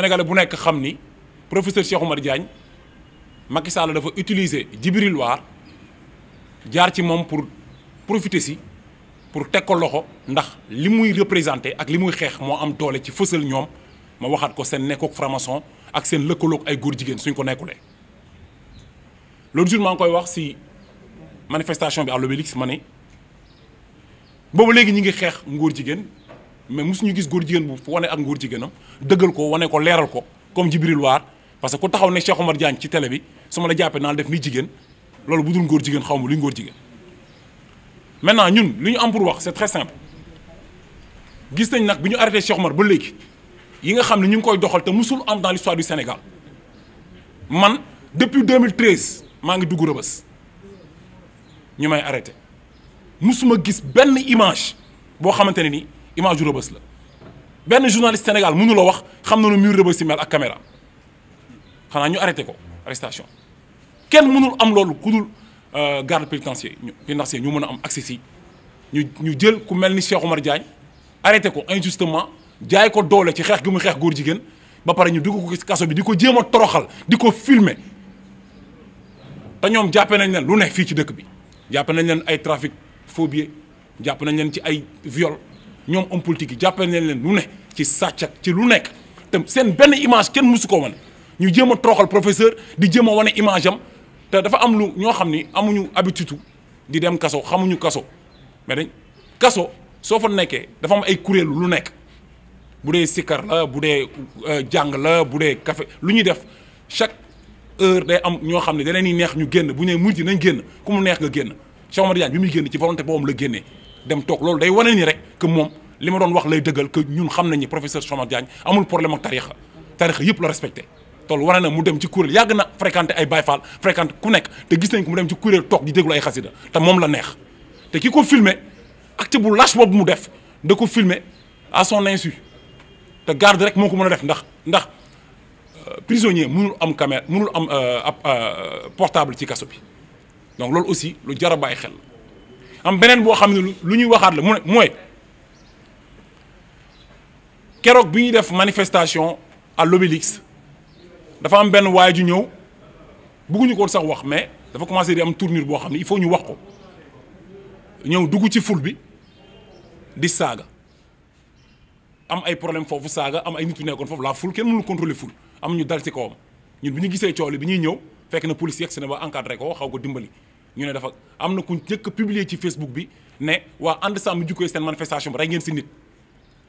Sénégalais bu nekk xam ni professeur Cheikh Oumar Diagne Macky Sall dafa utiliser Djibril War jaar ci moom pour profité si pour teg ko loxo ndax li muy représenté ak li muy xeex moo am doole ci fësal ñoom ma waxaat ko seen nekkook franc ak seen lëkkaloog ay góor jigéen suñ ko nekkulee. L'autre jour maa ngi koy wax si manifestation bi à l'Obélisque ma ne boobu léegi ñi ngi xeex ngóor jigéen. mais mosuñu gis góor jigéen bu wane ak góor jigéenam dëggal ko wane ko leeral ko comme Djibril Waar parce que ku taxaw ne Cheikh Omar Diagne ci télé bi su ma la jàppee naa def ni jigéen loolu bu dul góor jigéen xaw ma luy góor jigéen maintenant ñun li ñu am pour wax c'est très simple gis nañ nag bi ñu arrêté Cheikh Omar ba léegi yi nga xam ne ñu ngi koy doxal te musul am dans l'histoire du Sénégal man depuis 2013 maa ngi dugg rëbës ñu may arrêté musuma gis benn image boo xamante ne ni image yu rëbës la benn journaliste Sénégal mënuloo wax xam na nu mur rëbës si mel ak caméra xanaa ñu arrêté ko arrestation kenn mënul am loolu ku dul euh, garde pénitentiaire ñu ñu mën a am accès ñu ñu jël ku mel ni Cheikh Omar Diagne arrêté ko injustement jaay ko doole ci xeex gi mu xeex góor jigéen ba pare ñu dugg ko ci kaso bi di ko jéem a toroxal di ko filme te ñoom jàppe nañ leen lu ne fii ci dëkk bi jàppe nañ leen ay trafic phobie jàpp nañ leen ci ay viol ñoom homme politique yi jàppale nañ leen lu ne ci sàcc ci lu nekk te seen benn image kenn mësu ko wane ñu jéem a toroxal professeur di jéem a wane image te dafa am lu ñoo xam ni amuñu habitude di dem kaso xamuñu kaso mais kaso soo fa nekkee dafa am ay kuréelu lu nekk bu dee sikkar la bu dee euh, jàng la bu dee kafe lu ñuy def chaque heure day am ñoo xam ne da leen neex ñu génn bu ñu nee mujj nañ génn ku mu neex nga génn Cheikh Omar Diagne bi muy génn ci volonté boobu la génnee. dem toog loolu day wane ni rek que moom li ma doon wax lay dëggal que ñun xam nañu professeur Cheikh Oumar Diagne amul problème ak tarixa tarixa yëpp la respecté tool war na mu dem ci kuréel yàgg na fréquenté ay Baye Fall fréquenté ku nekk te gis nañ ko mu dem ci kuréel toog di déglu ay xasida te moom la neex te ki ko filmé acte bu lâche boobu mu def da ko filmé à son insu te garde rek moo ko mën a def ndax ndax euh, prisonnier mënul am caméra mënul am euh, ab euh, portable ci kaso bi donc loolu aussi lu jar bàyyi xel am beneen boo xam ne lu ñuy waxaat la mu ne mooy keroog bi ñuy def manifestation à l'Obélix dafa am benn waaye ju ñëw bëgguñu ko sax wax mais dafa commencé di am tournure boo xam ne il faut ñu wax ko ñëw dugg ci ful bi di saaga am ay problème foofu saaga am ay nit yu nekkoon foofu la ful kenn mënu contrôler ful am ñu dal ci kawam ñun bi ñu gisee coow li bi ñuy ñëw fekk na police yegg si na ba encadré ko xaw ko dimbali. ñu ne dafa am na ku njëkk publier ci Facebook bi ne waa ànd sàmm jikko yi seen manifestation bi rey ngeen si nit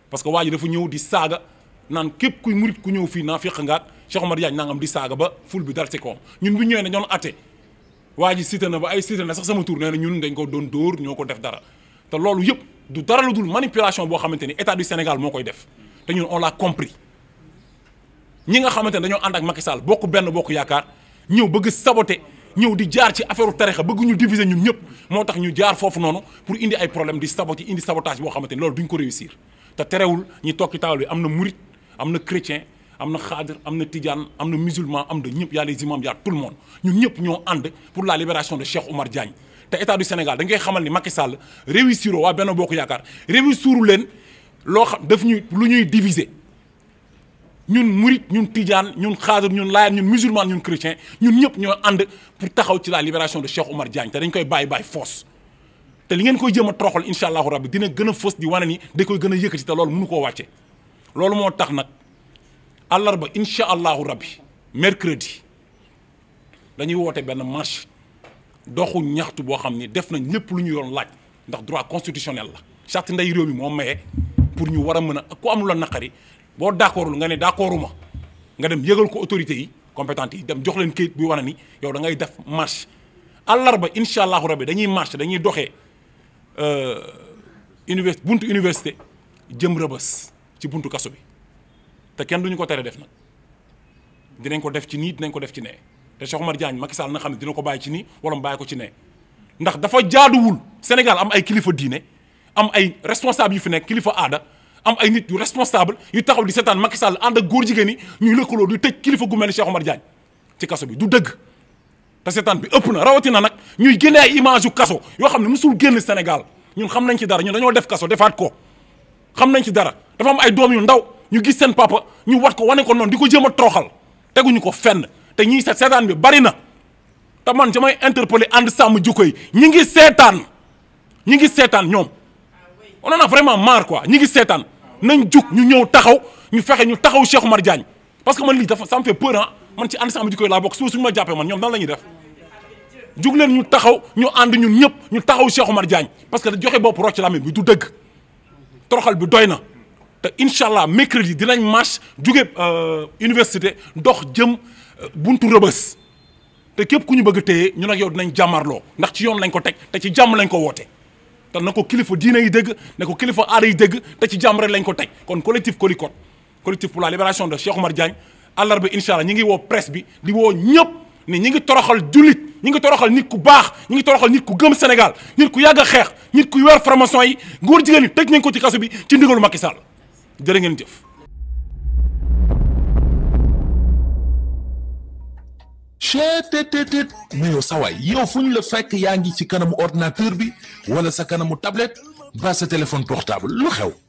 parce que waa ji dafa ñëw di saaga naan képp kuy murit ku ñëw fii naa fiq ngaat Cheikh Omar Diagne nangam di saaga ba ful bi dal si kawam ñun bu ñëwee ne ñoon waa ji cité na ba ay cité na sax sama tur ñun dañ ko doon dóor ñoo ko def dara te loolu yëpp du dara lu dul manipulation boo xamante ni état du Sénégal moo koy def te ñun on l'a compris ñi nga xamante ne dañoo ànd ak Macky Sall bokk benn bokk yaakaar ñëw bëgg saboter ñëw di jaar ci affaire tarixa bëgg ñu diviser ñun ñëpp moo tax ñu jaar foofu noonu pour indi ay problème di saboti indi sabotage boo xamante ni loolu duñ ko réussir te terewul ñi toog ci bi am na murit am na chrétien am na xaadir am na tijaan am na musulman am na ñëpp yaa les imams yaa tout le monde ñun ñëpp ñoo ànd pour la libération de Cheikh Oumar Diagne te état du Sénégal dañ xamal ni Macky Sall réussir oo waa Benno Bokk Yaakaar réussir leen loo xam daf ñuy lu ñuy diviser ñun murit ñun tijaan ñun xaadir ñun laayaan ñun musulman ñun chrétien ñun ñëpp ñoo ànd pour taxaw ci la libération de Cheikh Oumar Diagne te dañ koy bàyyi bàyyi foos te li ngeen koy jéem a toroxal incha allahu rabbi dina gën a fës di wane ni da koy gën a yëkkati te loolu mënu koo wàcce loolu moo tax nag àllarba incha allahu rabbi mercredi dañuy woote benn marché doxu ñaxtu boo xam ni def nañ lépp lu ñu yoon laaj ndax droit constitutionnel la charte nday réew moo maye pour ñu war a mën a ku am lu naqari boo d'accordul nga ne d'accorduma nga dem yëgal ko autorité yi compétente yi dem jox leen kayit buy wane ni yow da ngay def marche àllarba incha allahu rabi dañuy marche dañuy doxee euh, univers buntu université jëm rëbës ci buntu kaso bi te kenn duñu ko tere def nag dinañ ko def ci nii dinañ ko def ci nee te Cheikh Oumar Diagne Macky Sall na xam ne dina ko bàyyi ci nii wala mu bàyyi ko ci nee ndax dafa jaaduwul Sénégal am ay kilifa diine am ay responsable yu fi nekk kilifa aada am ay nit yu responsable yu taxaw di seetaan Macky Sall ànd ak góor jigéen yi ñuy lëkkaloo du teg kilifa gu mel ni Cheikh Omar Diagne ci kaso bi du dëgg te seetaan bi ëpp na rawatina nag ñuy génne ay image yu kaso yoo xam ne musul génn senegal ñun xam nañ ci dara ñun dañoo def kaso defaat ko xam nañ ci dara dafa am ay doom yu ndaw ñu gis seen papa ñu wat ko wane ko noonu di ko jéem a tooxal teguñu ko fenn te ñiy seetaan bi bari na te man damay interpellé ànd sàmm jikko yi ngi seetaan ñi ngi seetaan ñoom on en vraiment marre quoi ñi ngi seetaan nañ jug ñu ñëw taxaw ñu fexe ñu taxaw Cheikh mar Diagne parce que man lii dafa ça me fait ah. man ci ànd sama jikko laa bokk suuf suñu ma jàppee man ñoom nan la ñuy def jug leen ñu taxaw ñu ànd ñun ñëpp ñu taxaw Cheikh mar Diagne parce que da joxe bopp rocc làmmiñ bi du dëgg toroxal bi doy na te incha allah mercredi dinañ marche jóge euh, université dox jëm euh, buntu rëbës te képp ku ñu bëgg téye ñu ak yow dinañ jàmmarloo ndax ci yoon lañ ko teg te ci jàmm lañ ko woote te na ko kilifa diine yi dégg na ko kilifa aada yi dégg te ci jàmm rek lañ ko teg kon collectif Colicot collectif pour la libération de Cheikh Omar Diagne àllarba incha allah ñi ngi woo presse bi di woo ñëpp ni ñi ngi toroxal jullit ñi ngi toroxal nit ku baax ñi ngi toroxal nit ku gëm Sénégal nit ku yàgg a xeex nit ku weer franc-maçon yi góor jigéen ñi tëj nañ ko ci kaso bi ci ndigalu Macky Sall jërë ngeen jëf cheetetetet mais yow sa waay yow fu la fekk yaa ngi ci kanamu ordinateur bi wala sa kanamu tablette ba sa téléphone portable lu xew